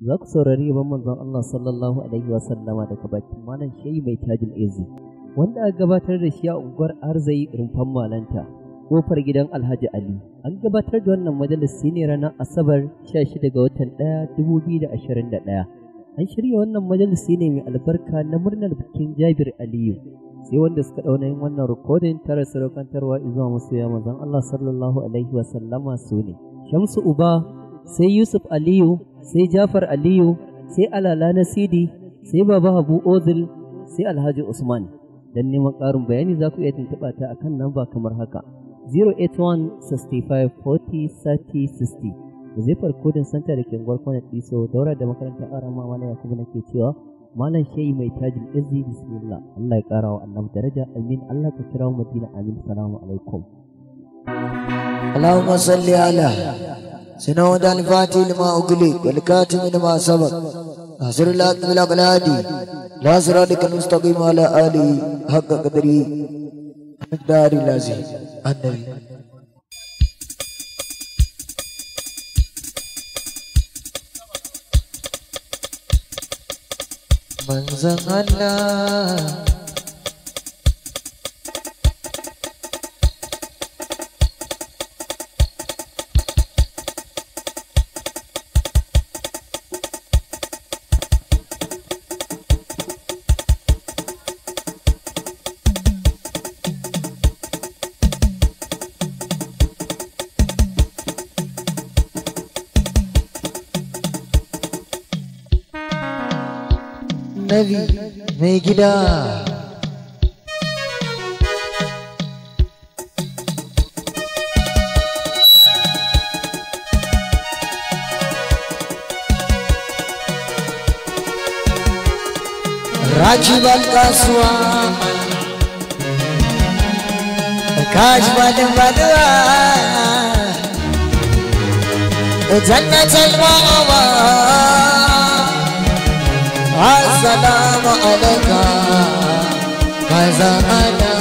za ku saurari yaban manzon Allah sallallahu alaihi wasallama daga bakin malam shehi mai tajin ezi wanda aka gabatar da shi a unguwar arzai rumfan malanta kofar gidan alhaji ali an gabatar da wannan majalis ne ranar asabar 16 ga watan 1 2021 an shirya wannan majalis ne mai albarka na murnar bikin jabir aliyu sai wanda suka ɗauna yin wannan rikodin tare sarakantarwa izuwa masoya manzon Allah sallallahu alaihi wa sallama su ne shamsu uba sai yusuf aliyu sai Jafar Aliyu, sai Alala na Sidi, sai Baba Habu Ozil, sai Alhaji Usman. Don neman ƙarin bayani za ku iya tuntuɓa ta a kan namba kamar haka 081-65-40-30-60 da zai farko din santa da kengwar kwanan ɗiso daura da makarantar arama mana ya kuma nake cewa malam shayi mai tajin izi bismillah Allah ya ƙara wa annabi daraja amin Allah ka kira mu madina amin salamu alaikum Allahumma salli ala سنود الفاتي لما أغلق والكاتم لما سبق ناصر الحق بالأبلاد لا صراط المستقيم على آله حق قدري مقدار العزيز النبي من زغ الله Navi Megida Rajeevan का स्वाम प्रकाश बन बदवा जन्म السلام عليك هذا أنا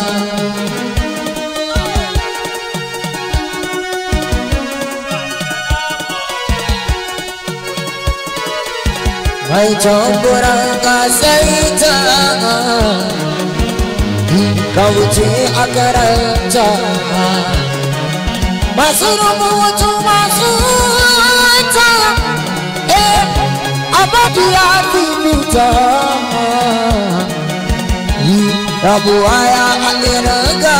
mai jamburan ka wuce a karanta masu rubutu masu kiasi mtama Rabu aya aliraga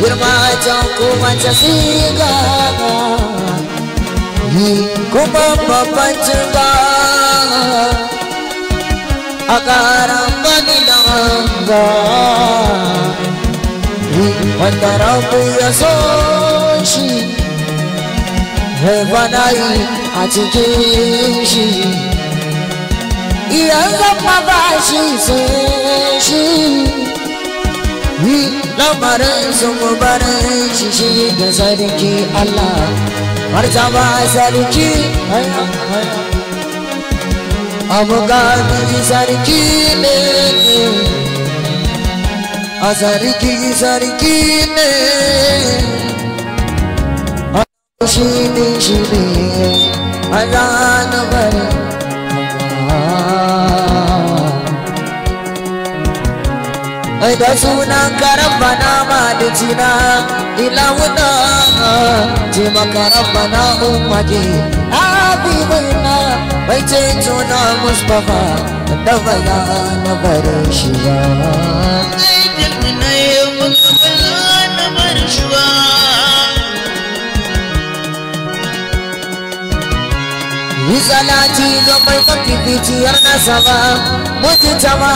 girma can kuma ta siga kuma babban cirga a karan bani da hanga wanda rabu ya so shi Hey, a cikin shi idan zama ba shi sai shi lamarin sun barin shi shi da sarki Allah martaba sarki abu gani ne a sarki sarki ne a shi ne shi ne azan bar ai da sunan karabana malicina ilahuna ce maka rabbana ummati habibina bai ce tuna mustafa da baya na bare shi ba yi salati ga mai mafificiyar nasaba mutu tama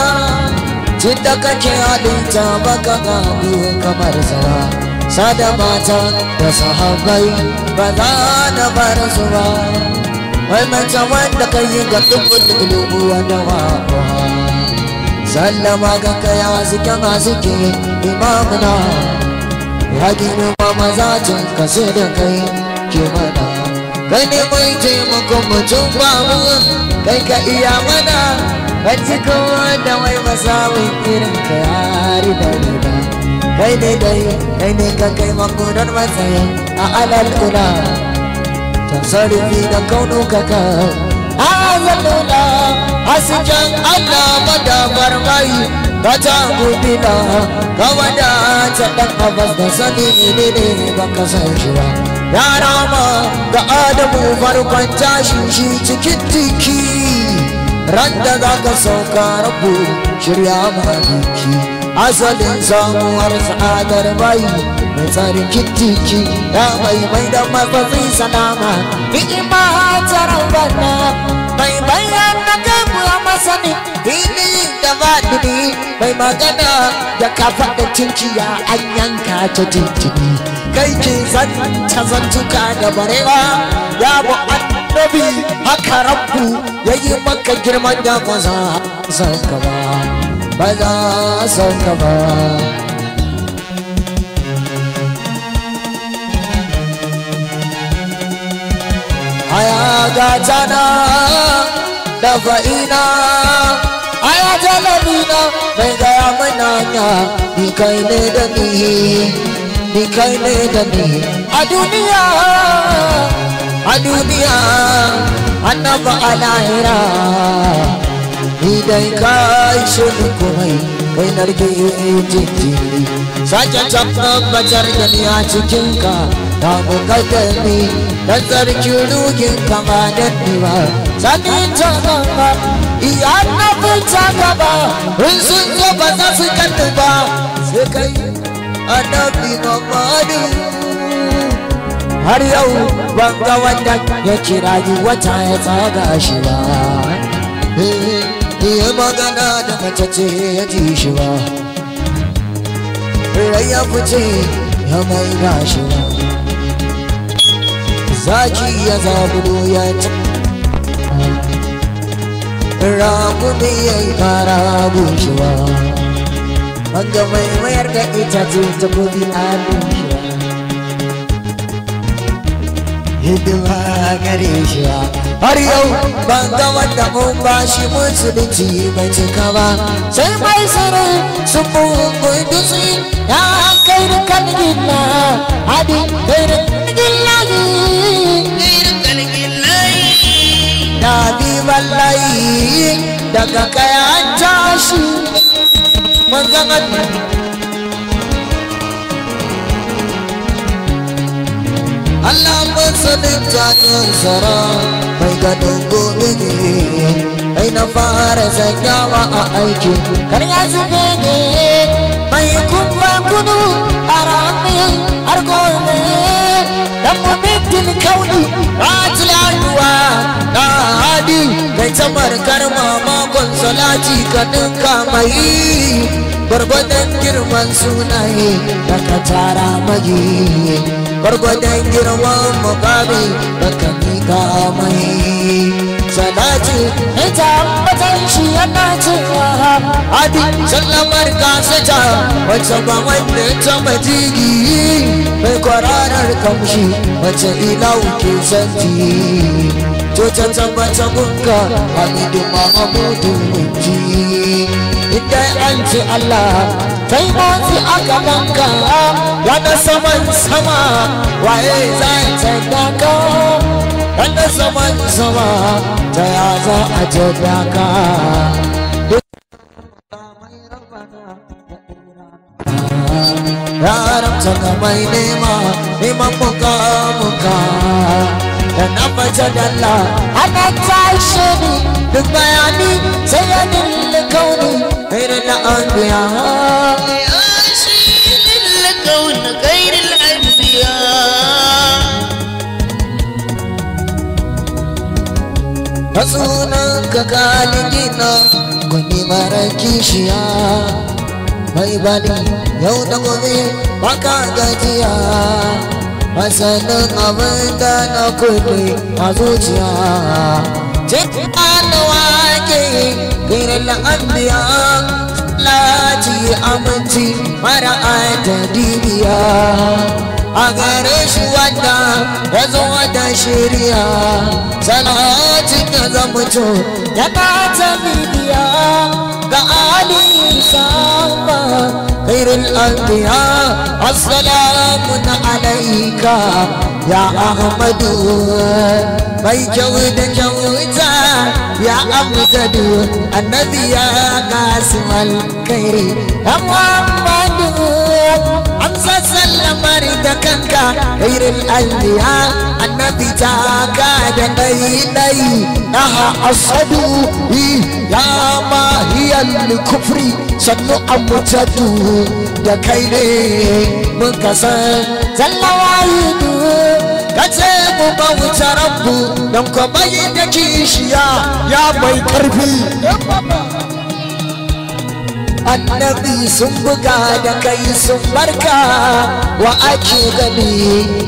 tun da kake halitta baka gabu kamar zawa sada mata da sahabai ba za na bar su ba wai wanda ka yi ga dubin ilubu wanda wa sallama ga kaya suke masu ke imamuna ya gina ma mazacin kasu da kai kimar wani mai taimakon mutum ba mu kai ka iya mana bacci kowa da mai masawin irin ka yari da riba kai ne dai kai ne ka kai makonan masaya a alal ula tasarrufi da kaunuka ka azalula hasken allah madamar mai ka ta gudina ka wadata dan abas da sani ne ne baka san shi ba ya rama ga adamu farkon tashin shi cikin tiki ran da za ka sauka rabu shirya ma biki asalin samuwar sa'adar bayi mai tsarin kitiki ya bai mai da matsatsin sanama ni'ima tsaron bana mai bayan na gamu a masani fili da badini mai magana da kafa da ya an yanka ta tintini kai ke zanta zantuka da barewa ya bu annabi haka rabbu ya yi maka girman da ba za gaba. ba za ka ba aya gata na da fa'ina aya jalabina bai gaya mana hanya ni kai ne da ni ni kai ne da ni a duniya a duniya annaba a lahira idan ka ishe ni komai kai narke jinjiri sake tabbatar da ni a cikinka ta mukaddami dan tsarkin rugin kama da ba sake ta gaba iya na fita gaba in sun zo ba za su kandu ba sai kai annabi mamadu har yau ban ga wanda ya kira wata ya tsaga shi ba eh, eh. yi magana da matacce ya ji shi ba rai ya fice ya mai na shi ba zaki ya zabudo ya ci ne ya yi fara bushewa wanda mai mayar da ita ce ta kudi a bushe hidima gare shi ba har yau ban ga wanda mun ba shi musulunci bai cika ba sai mai tsaro su bugun dutse ya kai da kalgin na hadi kai da kalgin layi na bi wallahi daga kayan tashi manzan Allah masanin zanen zara mai gadon gobe ne mai na fara zanyawa a aikin kar ya zube ne mai kuma gudu a ramin har gobe dan mubiddin kauni ba tilayuwa na hadi mai tamar karma makon salati ka dinka mai gwargwadon girman sunaye da ka tara magi gwargwadon girman mukami baka mika mai salati ita matan shi yana cewa adi sallamar kasata wacce ba wanda ta majigi mai kwararar kamshi wacce ina wuke santi to can tabbata gunka hamidu mahamudu munji idan an ce allah kai motsi aka danka wanda saman sama waye za a tsada ka wanda saman sama ta ya za a jada ka Raram saka mai nema nema muka muka da na fata dalla ana tashi ne duk bayani sai ya dilli kauni غير الأنبياء Masunanka kali gina kwenye marakishia Maibali ya utakome maka gajia Masana mawenda na kwenye mazuchia جد الواقي غير الأنبياء لا تي أمتي فرأت دنيا أغرش ودا وزود شريا صلاتك زمتو يبعت ميديا قالي سامبا خير الأنبياء السلام عليك يا أحمد مي جود جوزا يا أمزد النبي يا قاسم الخير يا محمد lamari da kanka gairin albiya annabi ta ka da ɗai-ɗai na asadu ya ma hiyar kufri sannu a mutatu da kai ne muka san zallawa yi kace mu ba wuce rabu don kwabayi da kishiya ya mai karfi annabi sun buga da kai sun barka wa ake gani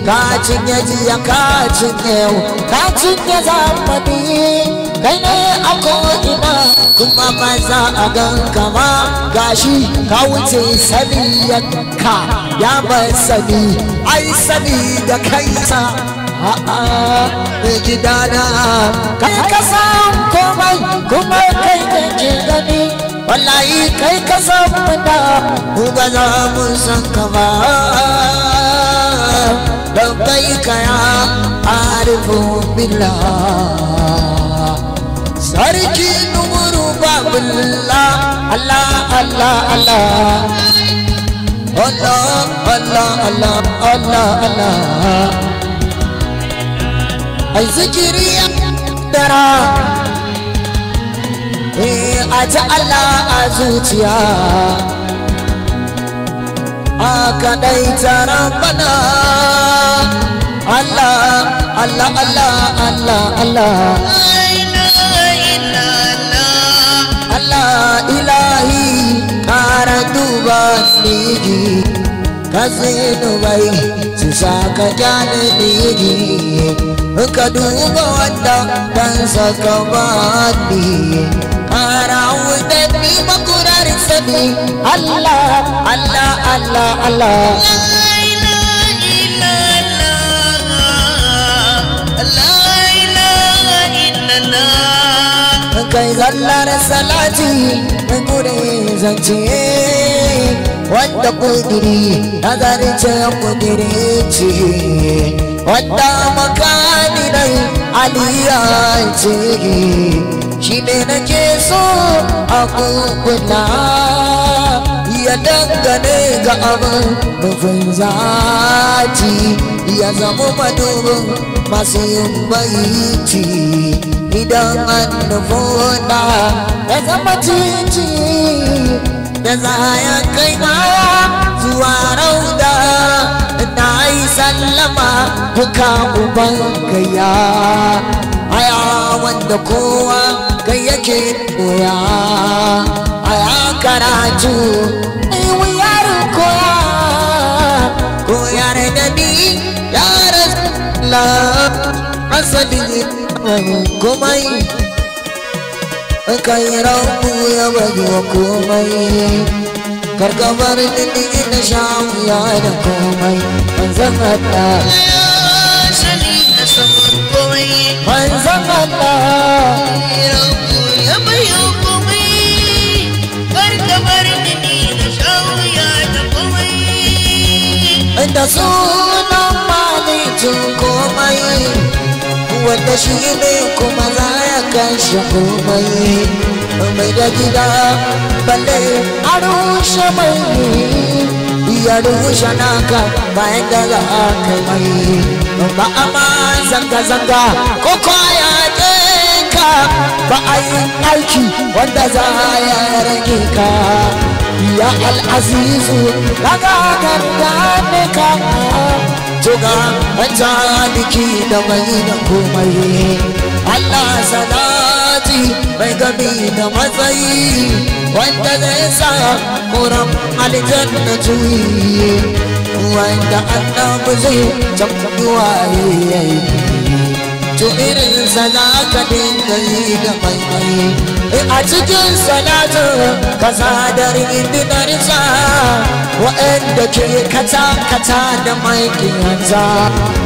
ka cinye jiya ka cinye ka cinye zamani kai ne a ko'ina kuma ba za a gan kama gashi ka wuce sani yanka ya ba sani ai sani da kaisa a'a gidana kai ka san komai kuma kai ne ke gani wallahi kai ka san fada mu ba za mu san ka ba don kai ka ya arifu billa sarki numuru babulla allah allah allah Allah Allah Allah Allah Allah Ai zikiri dara Eh a ji Allah a zuciya a kaɗai taron bana Allah Allah Allah Allah Allah Allah ilahi ƙara duba tsigi ka zinubai su sa ka gyara tsigi ka duba wanda ɗansa saka ba Marawudani makurar sani Allah Allah Allah Allah Kai zallar salati mai gure zance kudiri ta kudiri ce wadda makani dai aliyan shine ne nake so a kukula ya dangane ga abin nufin zati ya zama madubin masu yin baiti idan an nufoda ya zama titi da zaya ya kai ma zuwa rauda na yi sallama gaya aya wanda kowa kai yake koya aya karatu ai wuyar koya koyar da ni yaran la asali komai kai rabu ya bazu komai karkabar da ni na sha ya da komai ban zama ta manzon Allah roƙo ya mai hukumi kar ka bar ni na shauya ta komai da sunan malicin komai wanda shi ne kuma za ya shi komai mai da gida balle a rushe mai ya shanaka, naka bayan da za a kai ba a ma zanga-zanga ko kwaya ka ba a yi aiki wanda za a ya rage ka ya al'azizu daga kan gane ka tuga wancan biki da mai da komai Allah sana adalci mai gami da matsayi wanda zai sa kuran na juyi wanda annabi zai tabbuwa yayi to irin sa za ka dinga yi da maimai e, a cikin salatu, ka sadar indinar sa wa'anda ke kata kata da maikin hanza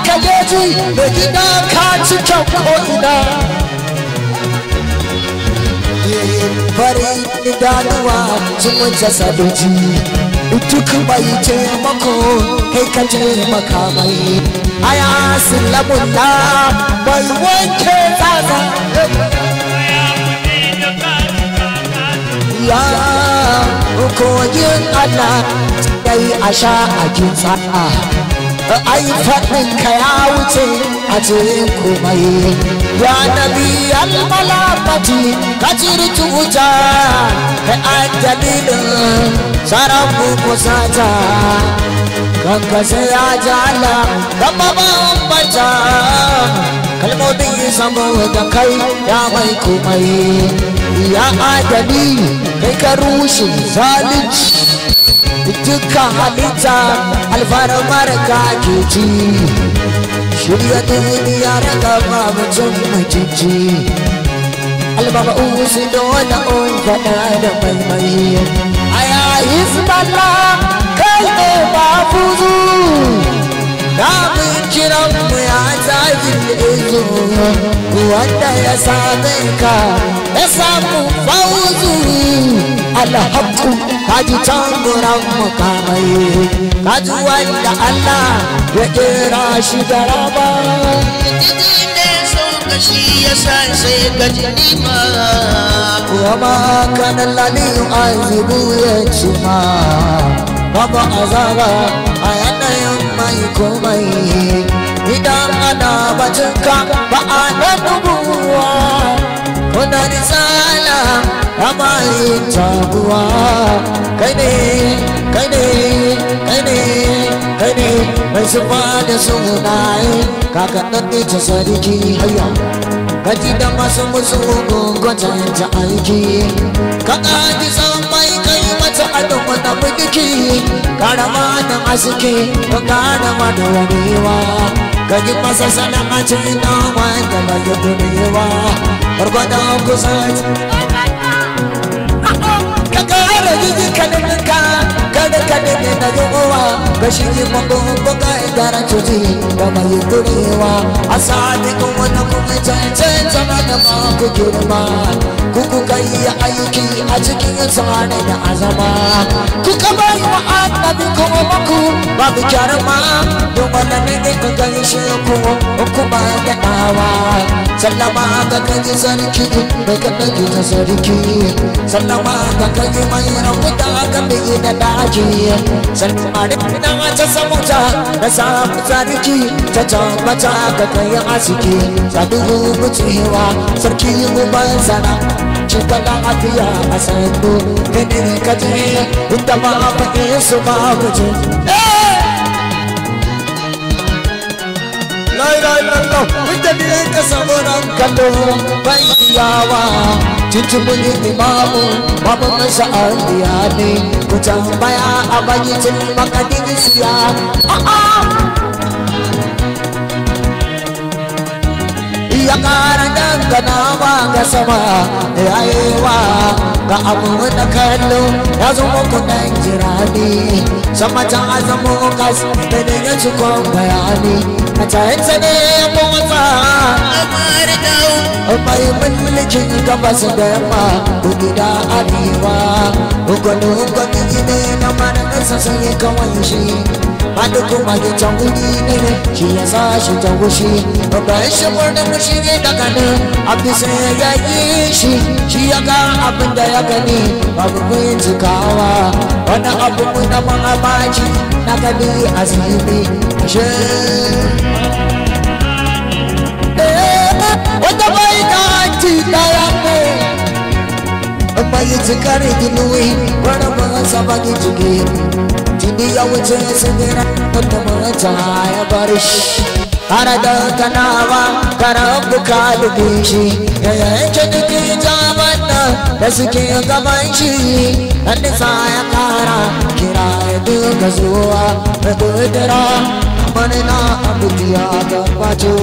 ka ji da gida ka ci kyau ko ina bari ganuwa sun wuce sadoji duk bai taimako kai ka taimaka mai aya sun labunta bai wanke tsada ya kogin allah dai a sha a kin ai faɗin ka ya wuce a cikin komai ya nabi al ka ciri cuta kai a dalilin sarafu kusata kankasa ya jala da babban bata kalmomin yi saboda kai ya mai komai ya adali kai ka rushe zalunci dukkan halitta alfarmar ka ke ci shirya duniya da gaba mutum mai makici albaba usu da wani un faɗa da maimai a yayi kai ne ba fuzu Damun mu ya zagin izo Wanda ya sami ka ya samu fauzu Alhaku kaji tamburan mu mukamai Kaji wanda Allah ya kera shi garaba shi ya sa sai ka ji nima wa ma kana lalin azibu ya ci ma babu azaba a komai idan ana batunka ba a nan dubuwa kuna risala a mayin tabuwa kai ne kai ne kai ne kai ne mai zuba da sunaye kakaɗan ne ta sarki haya kaji da masu musu gungun ta aiki ka ƙaji tsawo su adon wata bukiki karama da aski karama da wanewa ka ji masa sana'aci na wanda ba ya dunewa gwargwadon kusa ka kara jijikanin ka kade kade ne na yowa kashi ji mongo mongo ka igara chuji ga mai kurewa asadi ko wata mongo chai chai zama da ma ku kirma kuku kai ya ayuki a cikin zane da azama Kuka ka bai wa annabi ko maku ba bi karama ne ne ku gani shi ku ku ba da dawa sallama ga kaji sarki ba ka ta ji ta sarki sallama ga kaji mai rabuta ga bi da dawa sarki sarki na wata samuta na samu sadiki ta tabbata ka kai asiki sadu mutuwa sarki guban sana cika lafiya a sando ganin ka je inda ba a faɗi su ba guje Lai lai lallau, inda ne ka samu ran kallo iyawa tuntuɓin imamu babban masa andiya ne ku tambaya a bayitin makadisiya ah, ah. ya ƙara dangana ma ga sama ya ga abin da kallo ya zo muku dan jirani samatan azamu kas da ne ya ci kon bayani a tayin sa ne ya motsa amar dawo bai mun mulkin gabas da yamma ku gida arewa ku gano ku ne na mana kasa sun yi kawai shi Patukuma gichangu dinene Shiyasa shitangushi Obaisha mwana mushiwe dakane Abdise ya yishi ka abinda yakani Babu kwenzi kawa Wana abu muna mga maji Nakadi azimi Ashe Watabaika anti dayamu Mayi zikari dinuwi Wana mga sabagi jigiri tuni ya wuce sigira wanda mace ya bar shi har da kanawa karan buka lubin ya yanke duki jaman da suke gaban shi dan nisa ya kara kira ya duka zuwa da kudura na abu ya gabato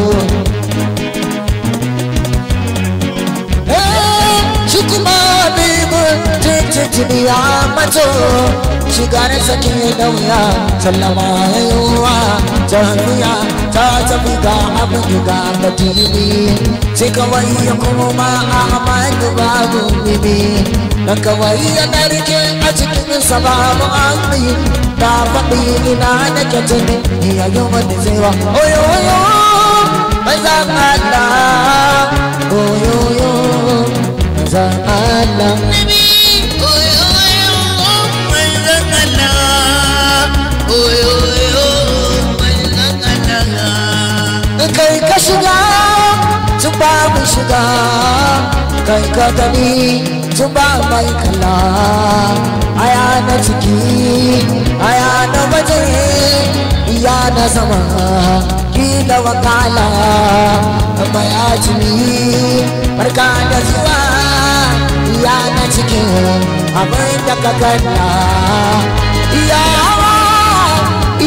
eh, shi kuma bibin tuntun ya mato shiga sakin sakin dauya sallama ya yiwuwa ta hannuya ta tafi ga abin ga batini sai kawai ya kuma a amadu babu bibi na kawai ya narke a cikin sababu an ta faɗi ina na kyatun iya yi wani zewa oyo Oyoyo, mazan Allah oyoyo oyo mazan Allah shiga tun ba mu shiga kai ka gani tun ba mai kala aya na ciki aya na waje iya na zama kila wakala amma ya jini barka da zuwa iya na cikin abin da ka gana iya hawa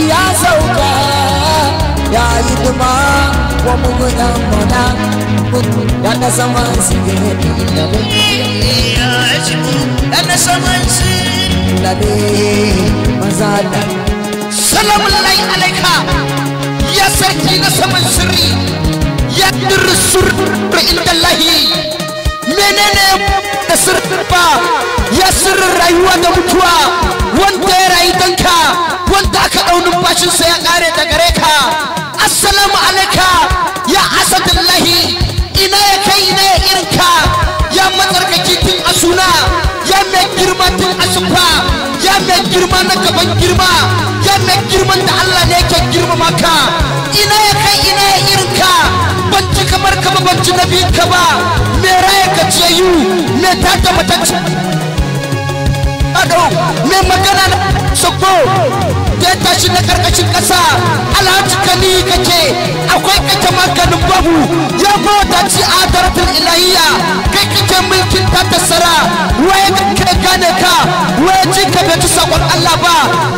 iya sauka ya yi duma Kuwa mugu dan moda wanda saman si ge na be ya ajibu wanda saman si na be mazada salamu alaika ya sarki na saman sirri ya dursur inda lahi menene da sirfa ya sirrin rayuwa da mutuwa wanda ya rayu danka wanda aka ɗau numfashinsa ya kare da gare ka assalamu alaika ya asadullahi ina ya kai ina ya irinka ya matsarkaki tun a suna ya mai girma tun a sufa ya mai girma na gaban girma ya mai girman da Allah ne yake girma maka ina ya kai ina ya irinka ban ci kamar ka ba ban ci na biyun ka ba me raya ka ce yu me ta ta matacci ado me magana na sako ya tashi na karkashin ƙasa alhaji kake akwai kake maganin babu ya bauta ci adaratul ilahiya kai kake mulkin ta tasara waye kai gane ka waye ji ka bai ci sakon Allah ba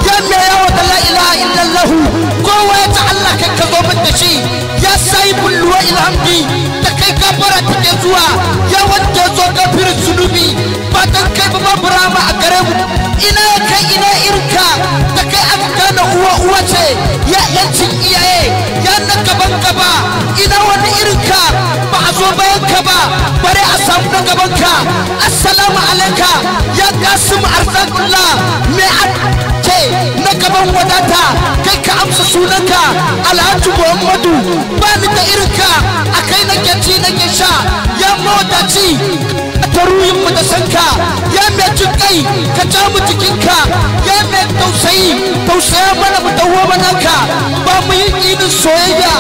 ya me dala da la ilaha illallah ko ya ta Allah kai ka zo min da shi ya sai bulwa ilhamdi ta kai kafara take zuwa ya wanda zo firin zunubi ba samu na gabanka assalamu alaika ya kasim arzakula me ake na gaban wadata kai ka amsa sunanka alhaji muhammadu ba ni da irinka a kai na ci na sha ya modaci ta mu da sanka ya mai jin ka ca mu jikinka ya mai tausayi tausaya mana mu dawo mana ka ba mu yi ƙinin soyayya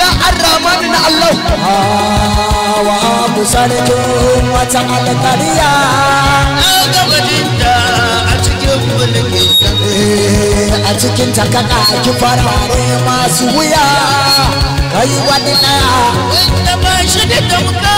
ya arrama ni na Allah hawa mu sarkin wata alƙariya a cikin eh, ta ki farare masu wuya kai wani wanda ba shi da dauka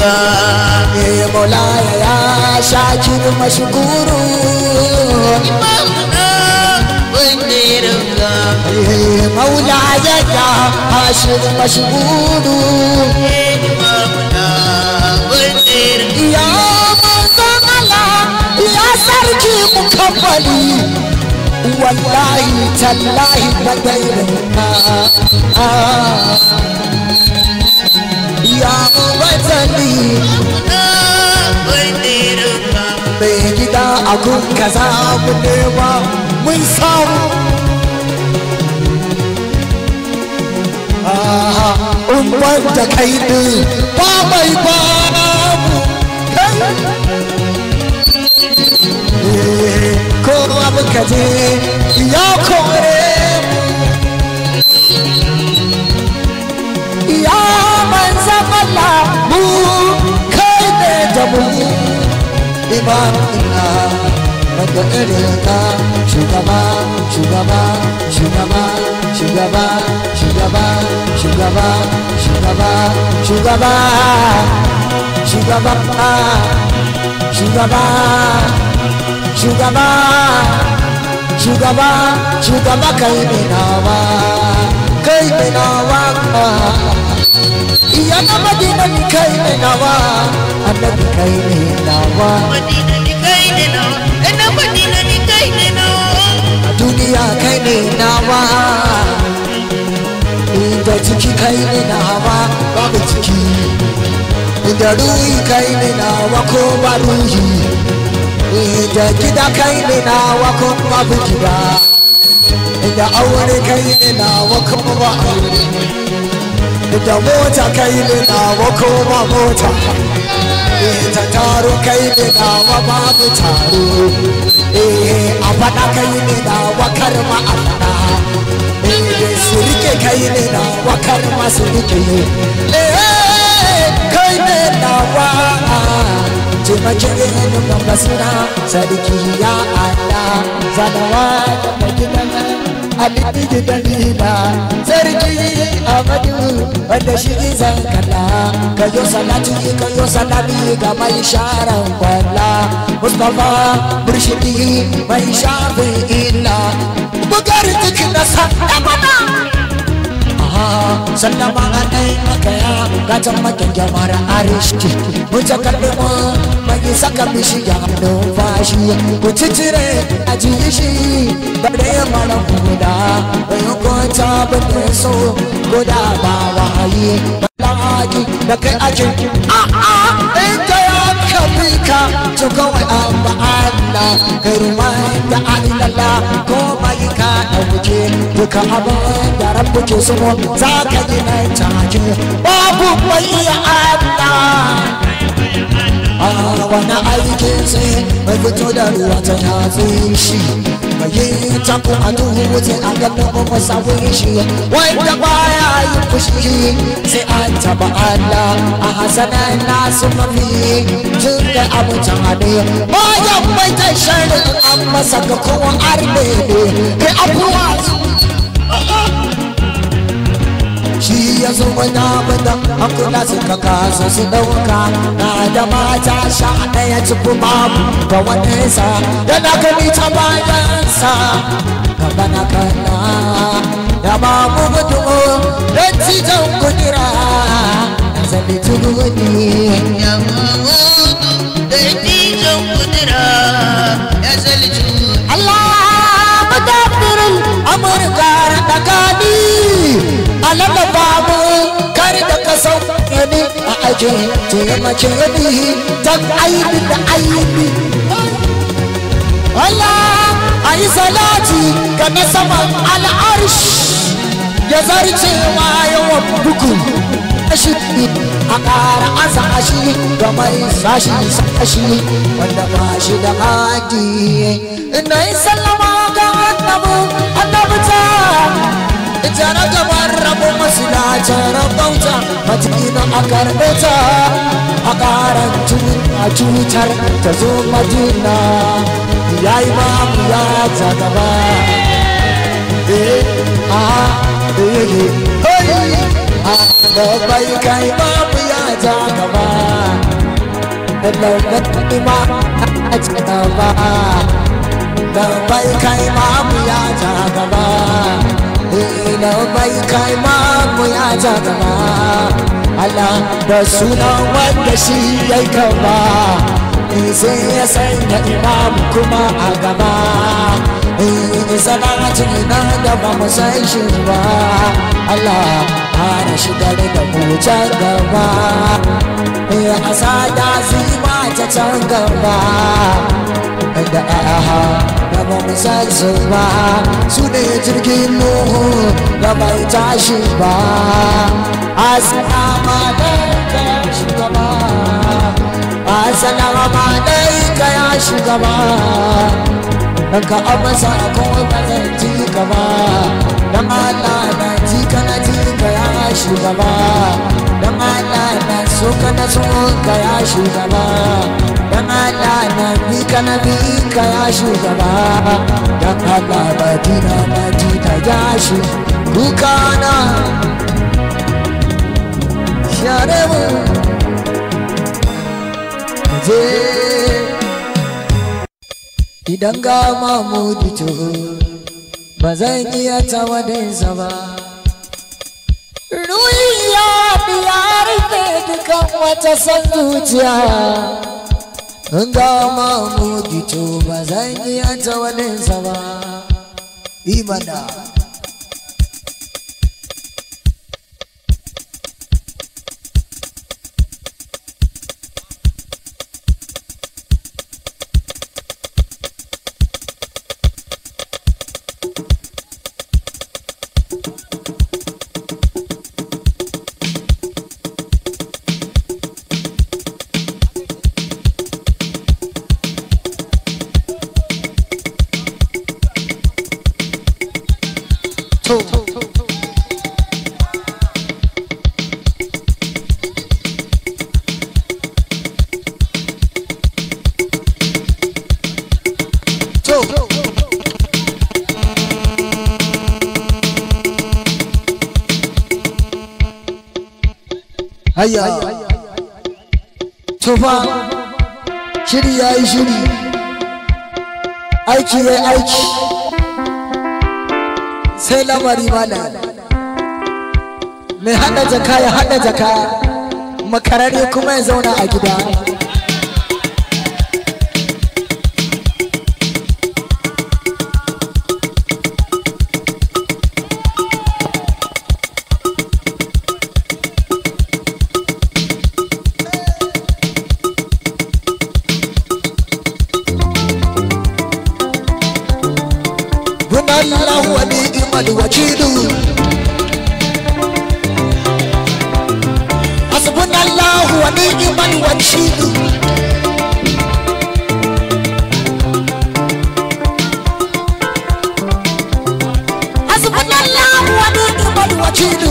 ga eh maulana ya shakir mashkuru imam bundirin ga eh maulana ya hashir mashkuru imam bundirin ya manzon ya sarki mukabbali wallahi tallahi badairin ah, ah. ya hankali mai gida a kun kaza mu nema mun samu in wanda kai din ba mai ba mu eh, ko muka je ya kore ya manzan Allah mulki imam ina daga irin ka shugaba shugaba shugaba shugaba shugaba shugaba shugaba shugaba shugaba shugaba shugaba shugaba shugaba kai binawa kai binawa ana madina ni kai ne nawa annabi kai ne nawa madina ni kai ne nawa ana madina ni kai ne nawa duniya kai ne nawa inda ciki kai ne nawa babu ciki inda ruhi kai ne nawa ko ba ruhi inda gida kai ne nawa ko babu gida inda aure kai ne nawa ko ba aure da mota kai ne nawa ko ba mota eh, ta taro kai ne nawa babu taro eh, a faɗa kai ne nawa wa ma a faɗa eh, su rike kai ne nawa karma ma su rike kai ne nawa taimakin yin babba suna sarki ya Allah zanawa da gidan habibi gidan lila sarki amadu wanda shi zan kalla ka yo salati ka yo salami ga mai sharan kwalla mustafa murshidi mai shafin illa bugar cikin sa ya sallama a ɗai makaya gatan makin jama'ar arishi wuce kalma mai saka bishi ya numfashi wuce cire a jiyi shi bare ya mara kuda bai kwanta bane so guda ba wahayi balaki da kai ajin a'a ka to kawai amma Allah kai ruwa da alilala ko mai ka dauke duka abin da rabu ke so za ka yi na babu wai Allah a wani aiki sai mai fito da ruwa ta tatsin shi mai taku a duhu wuce a ganin kuma sabon shi wanda baya yi fushi sai an taba Allah a hasanai nasu mafi tun da abu ta hade bayan mai ta sharri an masa ga kowa arbe ne kai abuwa su ya zo bada bada suka kasa su dauka na da mata sha daya cikin babu ga da na gani ta bayansa ka bana kana da babu don kudura kudura ya Allah amurka da kani yammacin to yammacin rabi tak aibi da aibi Allah ayi salati ga na al arsh ya zarce wa yawan wabuku shi a ƙara asa ashi ga mai sashi sashi wanda ba shi da hadi ina yi sallama ga annabu annabu ita na kuma suna tsaron bauta a cikin a karɓe ta a tuni a tuni cutar ta zo madina ya yi mamu ya ta gaba eh a ah, eh, eh a ah, babbai kai babu ya ta gaba da launar ma a cikin ba babbai kai babu ya ta gaba na mai kaima mu ya zama ala da sunan wanda shi ya yi kama in sai ya sanya imam kuma a gaba in isa na tunina da ba mu shi ba ala hana shi dare da kuca gaba in asa da zima ta can gaba da aha da ba mu san su ba su ne jirgin nuhu da bai tashi ba dai ka ya shugaba dai ka ya shugaba dan ka amsa ko ba zan ji ka ba dan Allah na ji ka na ji ka ya shugaba dan Allah na so ka na so ka ya shugaba dan ka na bi ka ya shugaba don Allah madina madina ya shi dukana share mu je idan ga mamudi to ba zan iya tawadinsa ba ruhiya biyar ke dukan wata san zuciya in ga mamu gito ba zan yi a tawalinsa ba imana shiri aiki ya aiki sai lamari mana mai haɗa jaka ya haɗa jaka makarari kuma ya zauna a gida do what you do. Hasbunallahu wa ni'mal wakil. Hasbunallahu wa ni'mal wakil.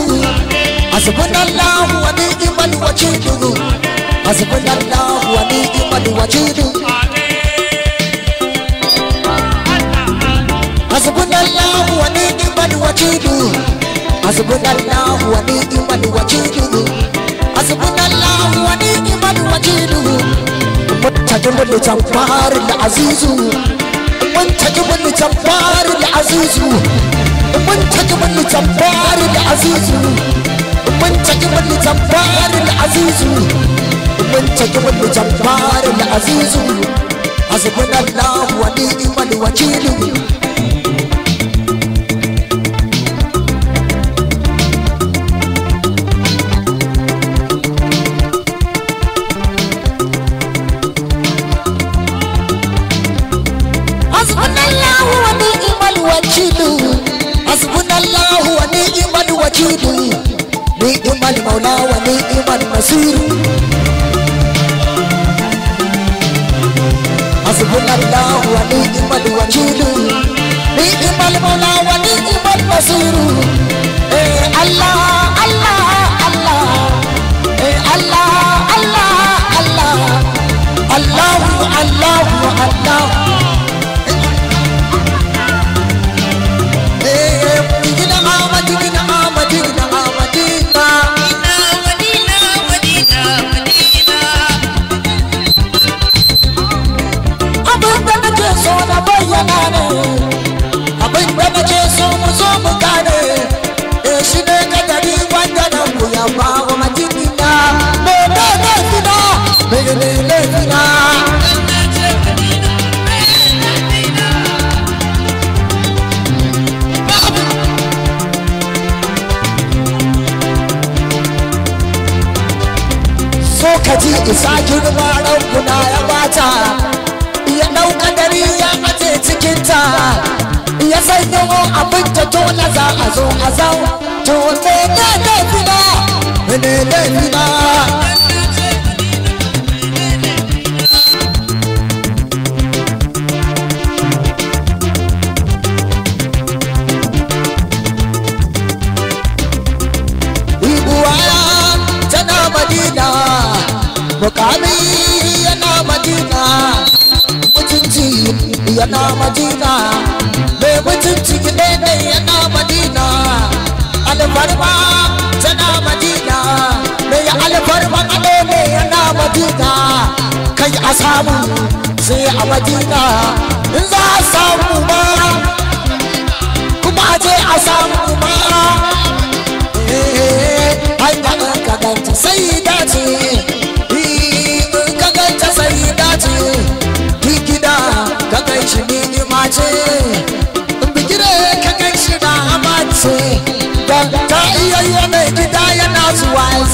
Hasbunallahu wa ni'mal wakil. Hasbunallahu wa ni'mal wakil. wakilu hasbunallahu wa ni'mal wakilu hasbunallahu wa ni'mal wakilu muntajin wani jabbar da azizu muntajin wani jabbar da azizu muntajin wani jabbar da azizu muntajin wani jabbar da azizu muntajin wani jabbar da azizu hasbunallahu wa ni'mal wakilu رشيد نئم المولى ونئم النصير حسبنا الله ونئم الوكيل نئم المولى ونئم النصير إيه الله الله الله إيه الله الله الله الله الله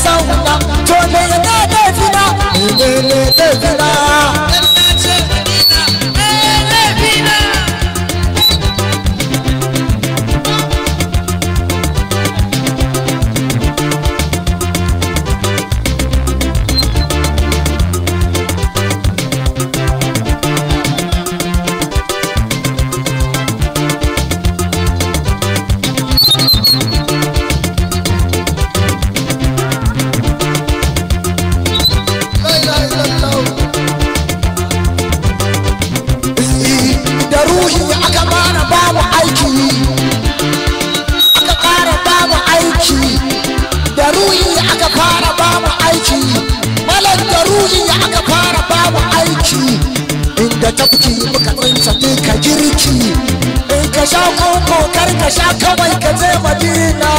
sauna to me ne laifina ne ne laifina ka sha kawai ka je madina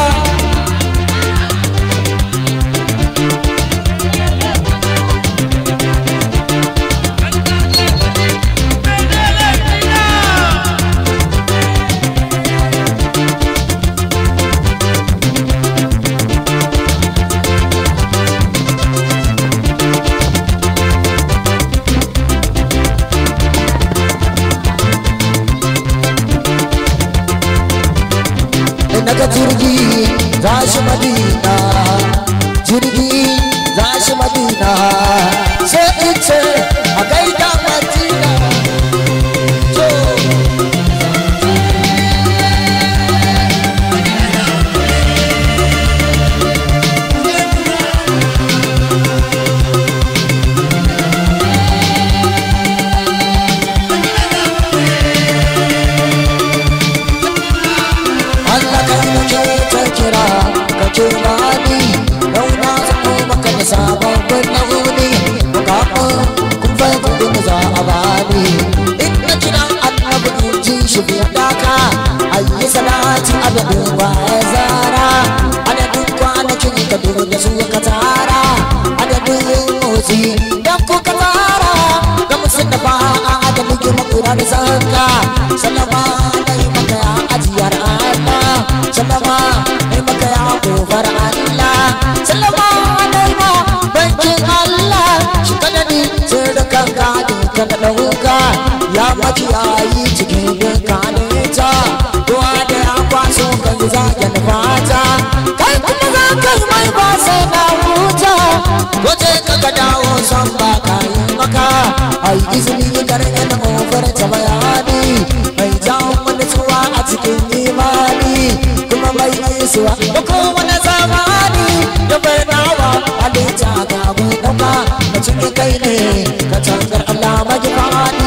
gaisuwa wani kowane zamani da bai dawa halitta ga abin ɗauka da cikin kai ne ka tangar alama maji faɗi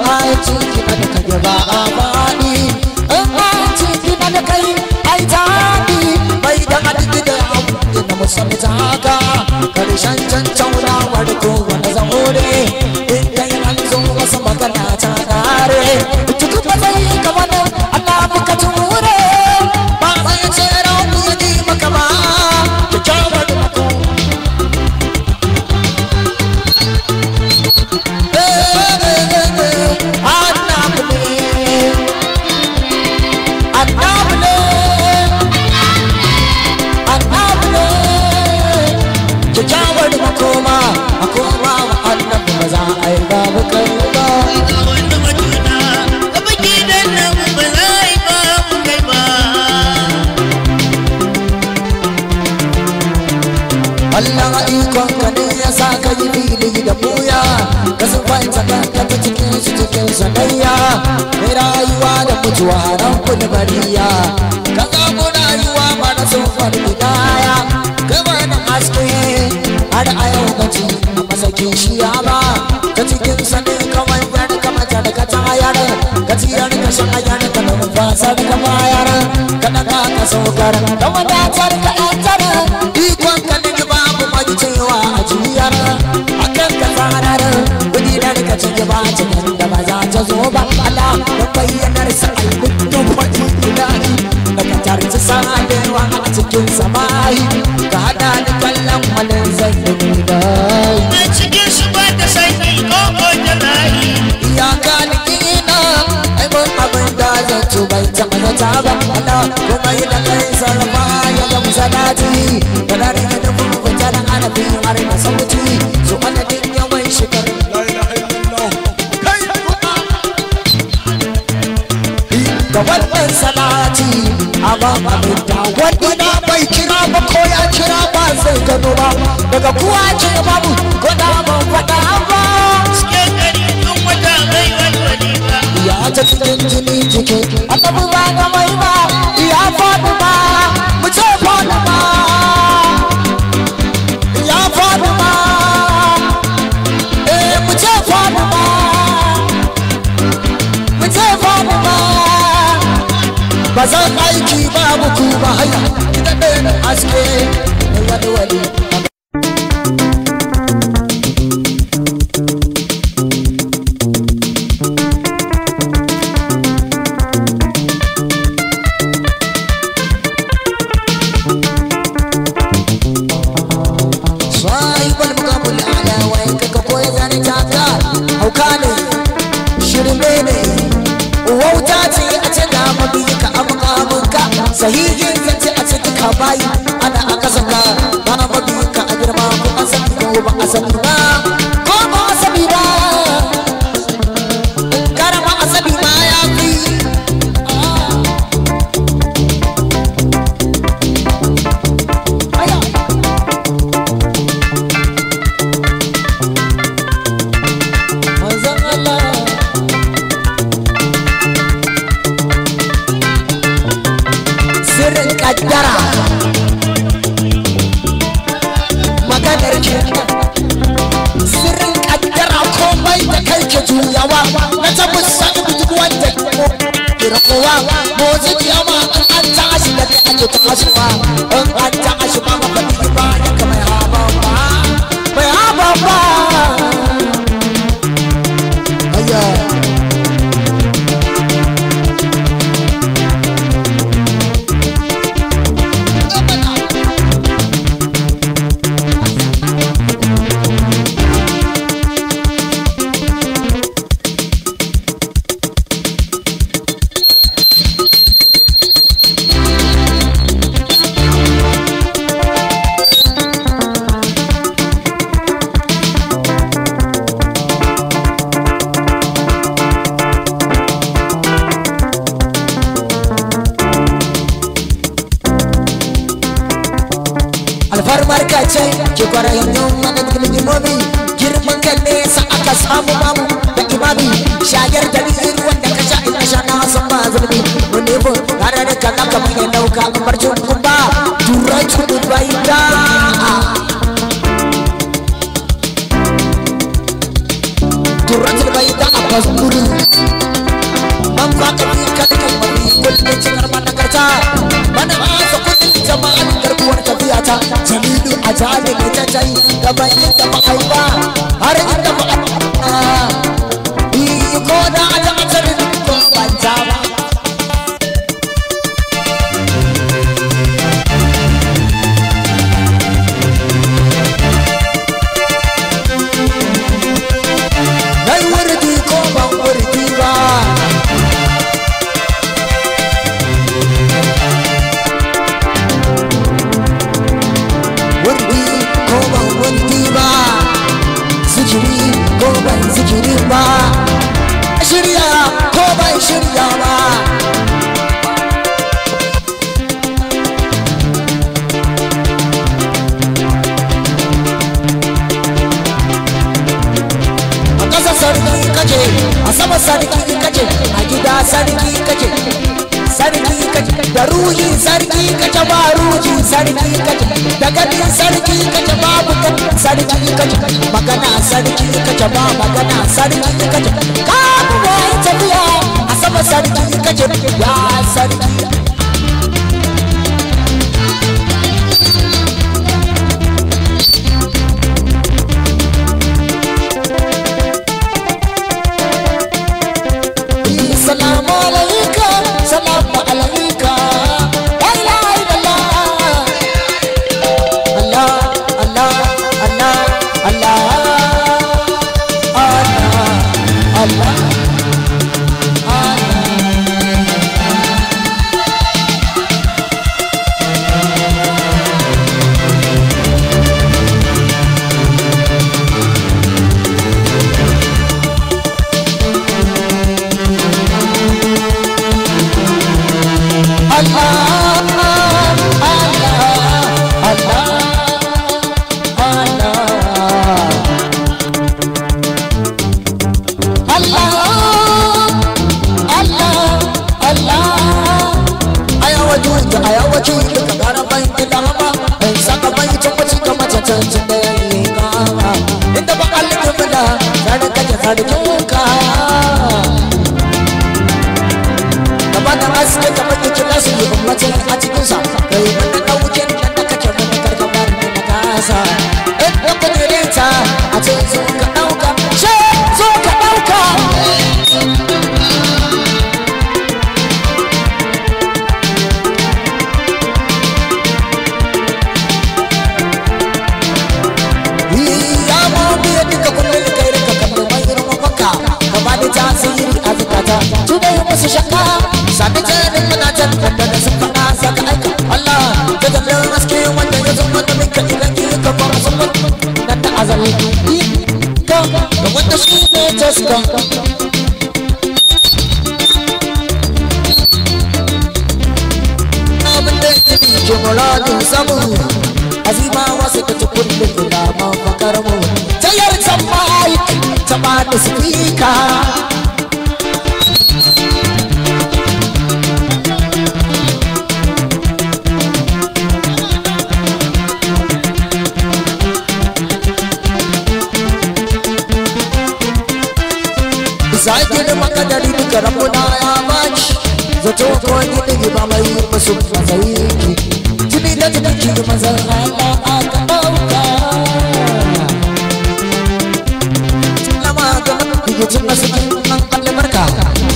in ciki na da kai ba a faɗi in ciki na da kai ai taɗi bai da adadi da abu da musamman ta haka karshen canji bariya ka zago rayuwa ba na sun faru hidaya kai ba na haske har a yau gaci a masakin shiya ba ta cikin sanin kawai ka mata da ka ta hayar ka ciyar ka shan hayar ka da mafasar ka bayar ka ka saukar da wadatar ka ɗantar ikon ka ne babu mai cewa a jiyar a kan ka tsarar kudi da ka ci ba cikin da ba za ta zo ba ala da bayyanar sa sabewa a cikin samayi ka hada ni kallon wani zan yi bayi mai cikin shi ba ta sanyi ko ko jalayi iyaka ni kina ai mun abin da zan ci bai taɓa zata ba kuma yi da kai sarrafa ya gamsa daji mai daga kuwa ce babu ko da ban faɗa ba ya ta cikin jini jiki annabi ba ga mai ba ya faɗi ba mu ce faɗi ba ya faɗi ba eh mu ce faɗi ba mu ce faɗi ba ba zan aiki babu ku ba haya haske what do I do? cacal ki kwara yanyan mana da limomi girman kan sa aka samu babu da imami shagar da rizir wanda ka sha ina sha na san ba zulmi mun nemo har da kaza kamar ya dauka kamar jin kuma turai kudu bai da turai bai da a basburi man fata kan mana ba su kudin mata jamilu a jari ne ta can gaban inda ba a yi ba har inda ba a yi ko da a ruhin sarki kace ba ruhi sarki kace daga din sarki kace babu magana sarki kace magana sarki kace ka kuma tafiya a ya da farasar na ta azami ka da wanda shi ne taskan abin ya bi ke muradin samu azima wasu ka ci kullum ina mafakar mu tayar can ta ba da sifika zato ko gidi ba mai musu matsayi ki jini da jini ki da mazan Allah aka ɗauka sallama ga rikicin masu nan albarka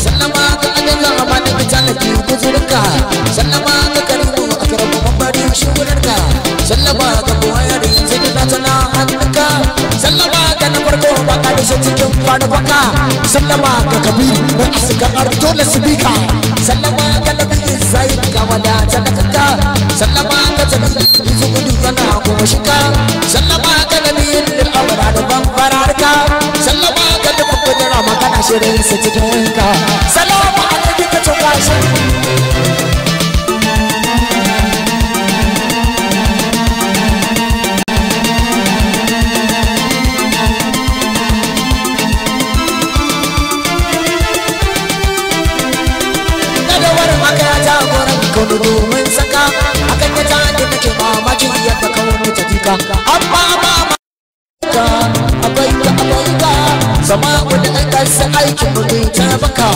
sallama ga adalla amma da mitalaki guzurinka sallama ga karibu a karabu mambari shugunarka sallama ga yaushe cikin kwana kwaka sallama ga kabiru na asigar dole su bika sallama ga nabi zai ga wada sadakaka sallama ga jami'in izu gudu kana kuma shika sallama ga nabi da awara da bambararka sallama ga duk kudura kana shirin su cikin ka sallama a nabi ka tuka shi wuce jika amma ma ka abai wani aikin mu ne ta baka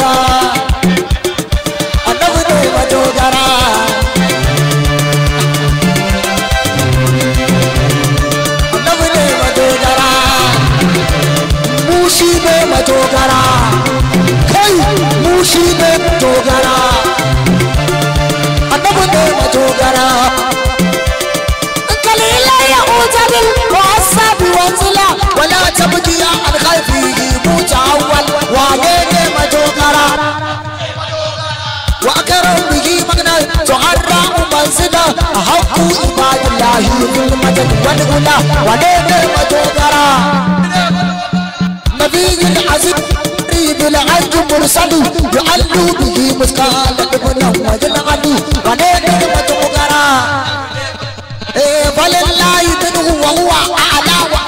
हरा bayan lahi zulmatan wani gula wane ne ne eh falillahi minhu wa wa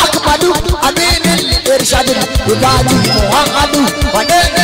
akmalu aminin irshadin ibadu ne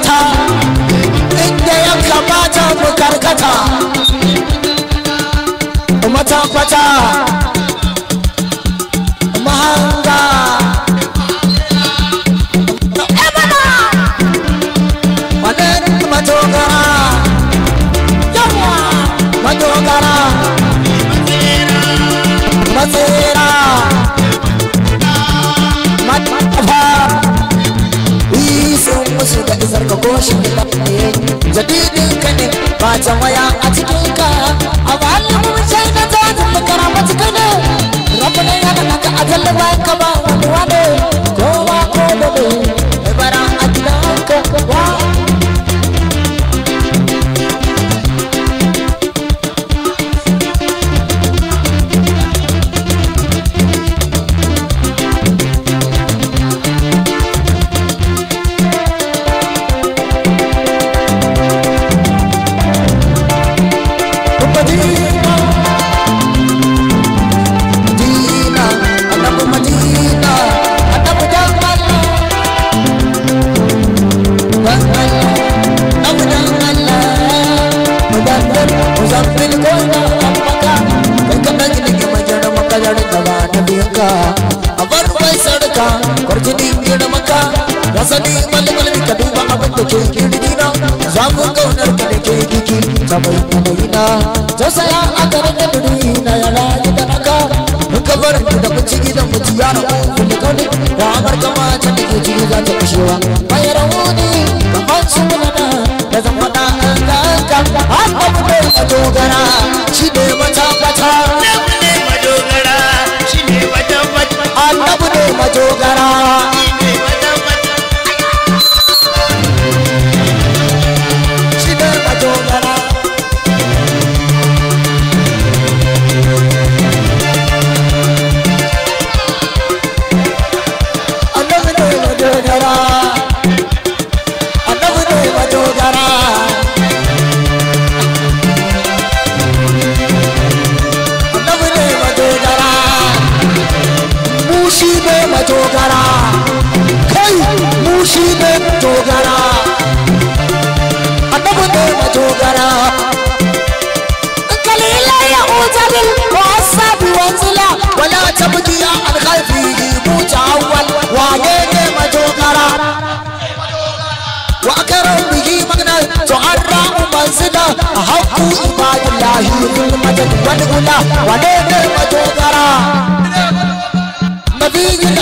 karkata inda ya kamata mu karkata matakwata ba waya a cikin ka a ba alimu shaidan zanen makaramatu kano rabu ne ya ka a tallaba ka ba mutum mace wani gula wani bai mace gara nabi yin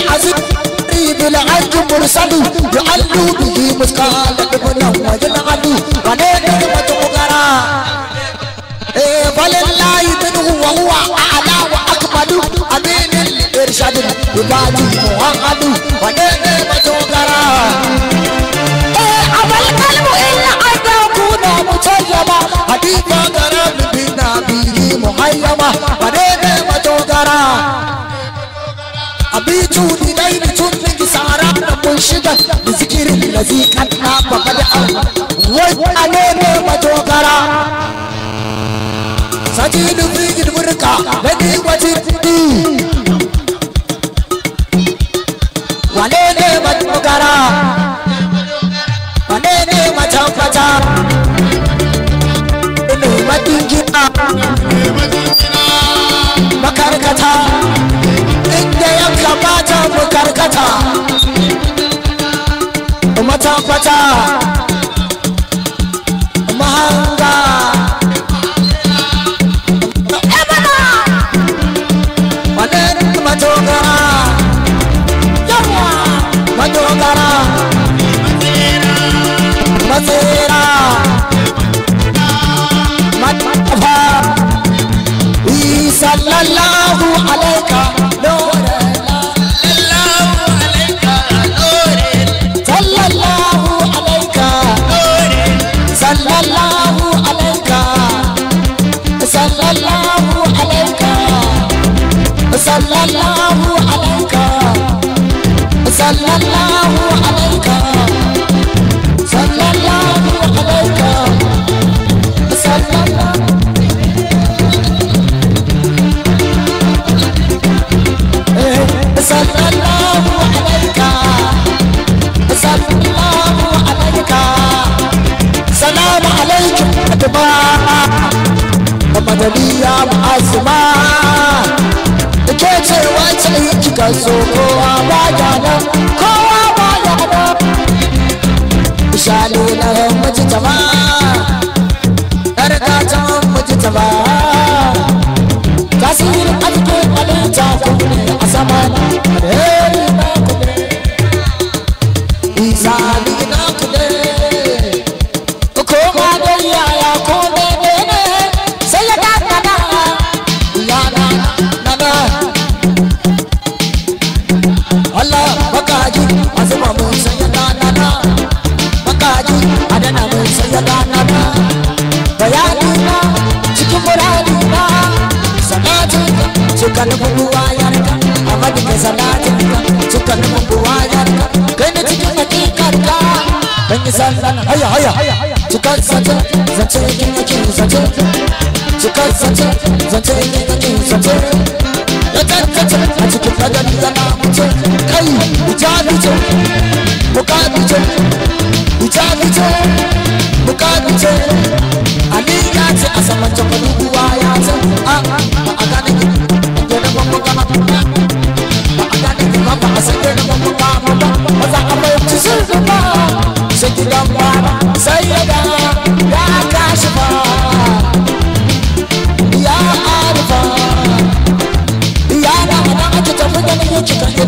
gara eh falin layi tun huwa huwa a na biri muhayyama bare ne madogara abitu ni dai mutum ni gisara da kun shiga da zikirin da zikan na baka da wai ne ne madogara sajidin karkata inda ya kamata mu karkata mata kwata Allahu alaika nore Allahu alaika nore Sallallahu alaika nore Sallallahu alaika Sallallahu alaika madani ya asma ke ce wace kika so kowa ba ya nan kowa ba ya nan shanu na mace ta ba ɗarka ta mace ta ba tasirin a cikin halitta kuma a sama chukan bubuwa yarka amadi ke salatin ka chukan bubuwa yarka kai na cikin hakikar ka dan yi sallan haya haya chukan sace zace kin yakin sace chukan sace zace kin yakin sace ya tattace a cikin fadar zama mace kai hijabi ce bukabi ce hijabi ce Chica,